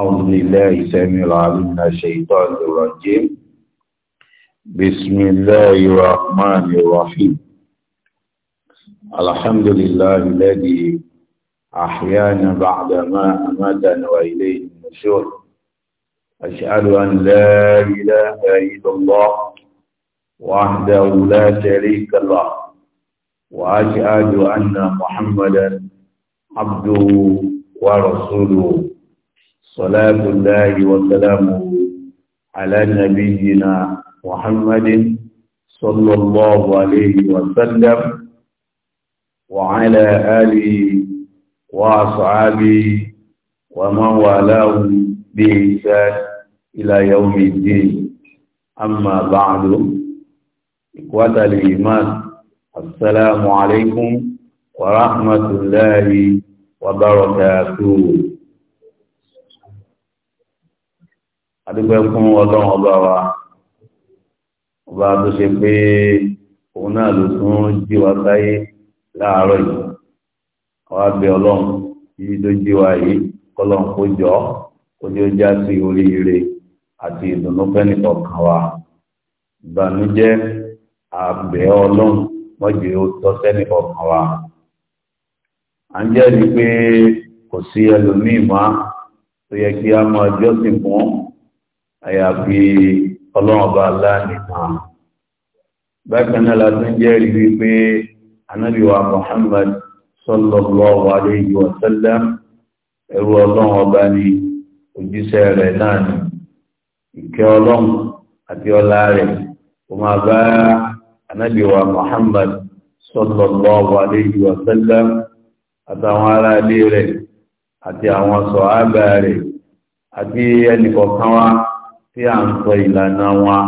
أعوذ بالله سميع العليم من الشيطان الرجيم بسم الله الرحمن الرحيم الحمد لله الذي أحيانا بعدما أماتنا وإليه النشور أشهد أن لا إله إلا الله وحده لا شريك له وأشهد أن محمدا عبده ورسوله صلاة الله وسلامه على نبينا محمد صلى الله عليه وسلم وعلى آله وأصحابه ومن والاه بإحسان إلى يوم الدين أما بعد إخوة الإيمان السلام عليكم ورحمة الله وبركاته adúgbò fún ọlọ́run ọba wa ọba tó ṣe pé òun náà ló tún jí wa sáyé láàárọ̀ yìí àwa bẹ ọlọ́run yìí tó jí wa yìí kọlọ́run kó jọ kó ní ó já sí oríire àti ìdùnnú fẹ́ni kọ̀ọ̀kan wa ìbànújẹ́ àbẹ̀ ọlọ́run mọ́jú ó tọ́ sẹ́ni kọ̀ọ̀kan wa à ń jẹ́rìí pé kò sí ẹlòmíì mọ́ tó yẹ kí a máa jọ́sìn fún àyàfi ọlọ́run ọba aláàdìkan bákan náà láti ń jẹ́rì wípé anábíwa Muhammad sallallahu alayhi wa sallam ẹrú ọlọ́run ọba ni òjíṣẹ́ rẹ̀ náà ni ìkẹ́ ọlọ́run àti ọlá rẹ̀ kò máa bá anábíwa Muhammad sallallahu alayhi wa sallam àtàwọn ará ilé rẹ̀ àti àwọn sọ̀hábà rẹ̀ àti ẹnìkọ̀ọ̀kan wa tí a ń sọ ìlànà wọn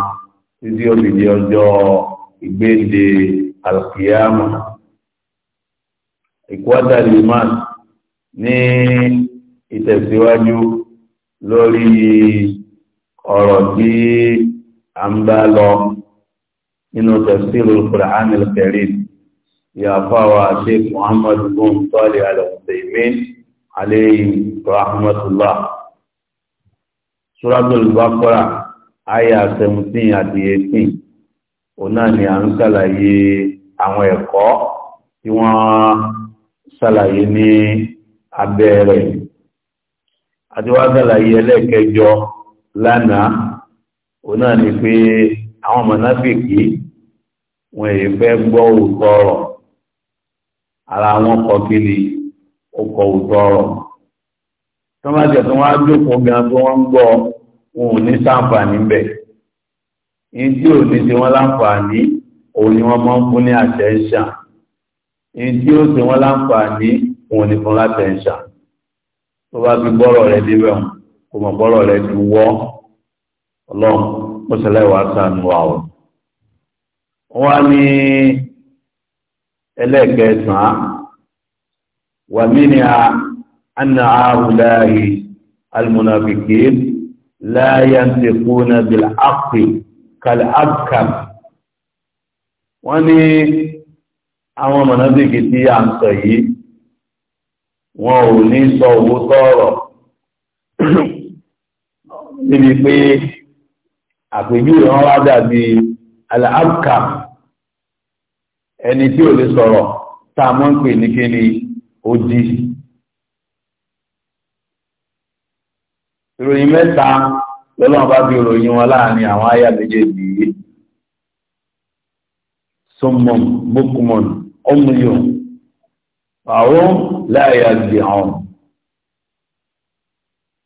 títí ó fi di ọjọ́ ìgbéǹde alkiyama ìkwádà liman ní ìtẹ̀síwájú lórí ọ̀rọ̀ tí a ń bá lọ nínú tafsirul Qur'anil Karim ìyàfáwà Sheikh Muhammad bin Salih Al-Uthaymeen alayhi rahmatullah Suratul Baqara àyà seventeen àti eighteen òun ni à ń ṣàlàyé àwọn ẹ̀kọ́ tí wọ́n ṣàlàyé ní abẹ́ rẹ̀ àti wá ṣàlàyé ẹlẹ́ẹ̀kẹjọ lánàá òun ni pé àwọn mọ̀náfìkì wọn èyí fẹ́ gbọ́ òótọ́ ọ̀rọ̀ ara wọn kọ kiri ó kọ òótọ́ ọ̀rọ̀ tó wọ́n á jókòó gan tó wọ́n ń gbọ́ wọn ò ní sáǹfààní ń bẹ̀. in tí ò ní tí wọ́n láǹfààní òun ni wọ́n máa ń fún ní attention in tí ó tí wọ́n láǹfààní òun ni fún attention tó bá fi bọ́rọ̀ rẹ̀ débẹ̀ wọn kò mọ̀ bọ́rọ̀ rẹ̀ ti wọ́ ọlọ́run ó ṣẹlẹ̀ wá sànù wa o. wọ́n ní ẹlẹ́ẹ̀kẹsàn-án wàmí ni a anna ahùdáyé almunafikin láyàntẹ̀kúnà bil'aqi kal'abkam wọ́n ní àwọn mọ̀nàbíkì tí a ń sọ yìí wọn ò ní sọ owó tọ́rọ̀ níbi pé àpèjú ìran wá dàbí al'abkam ẹni tí ò lè sọ̀rọ̀ tá a mọ́ ń pè ní kí ni ó dí ìròyìn mẹ́ta lọ́lọ́run bá bí ìròyìn wọn láàrin àwọn àyà méjèèjì yìí sọmọm bókùmọ̀n ọmọyọ̀n àwọn láàyè àgbè àwọn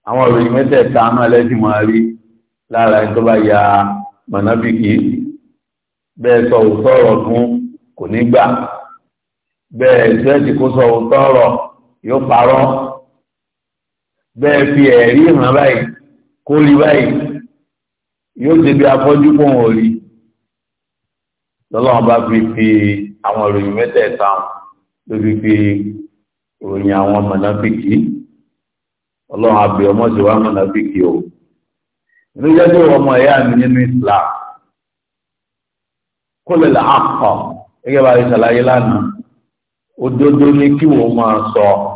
àwọn ìròyìn mẹ́tẹ̀ẹ̀ta náà lẹ́sìn máa rí lára ẹni tó bá ya mọ̀nàbìkì bẹ́ẹ̀ sọ òótọ́ ọ̀rọ̀ fún kò ní gbà bẹ́ẹ̀ ìṣẹ́ẹ̀tì kó sọ òótọ́ yóò parọ́ bẹ́ẹ̀ fi ẹ̀rí hàn báyìí kó rí báyìí yóò débi afọ́jú kó wọn rí lọ́lọ́wọ́n bá fi fi àwọn ìròyìn mẹ́tẹ̀ẹ̀ta ló fi fi ìròyìn àwọn mọ̀nàfíkì ọlọ́run àbí ọmọ sí wa mọ̀nàfíkì o inú jẹ́ pé ọmọ ẹ̀yà mi nínú Islam kó lè là á kọ̀ gẹ́gẹ́ bá a ṣàlàyé lánàá òdodo ni kí wọ́n máa sọ. So.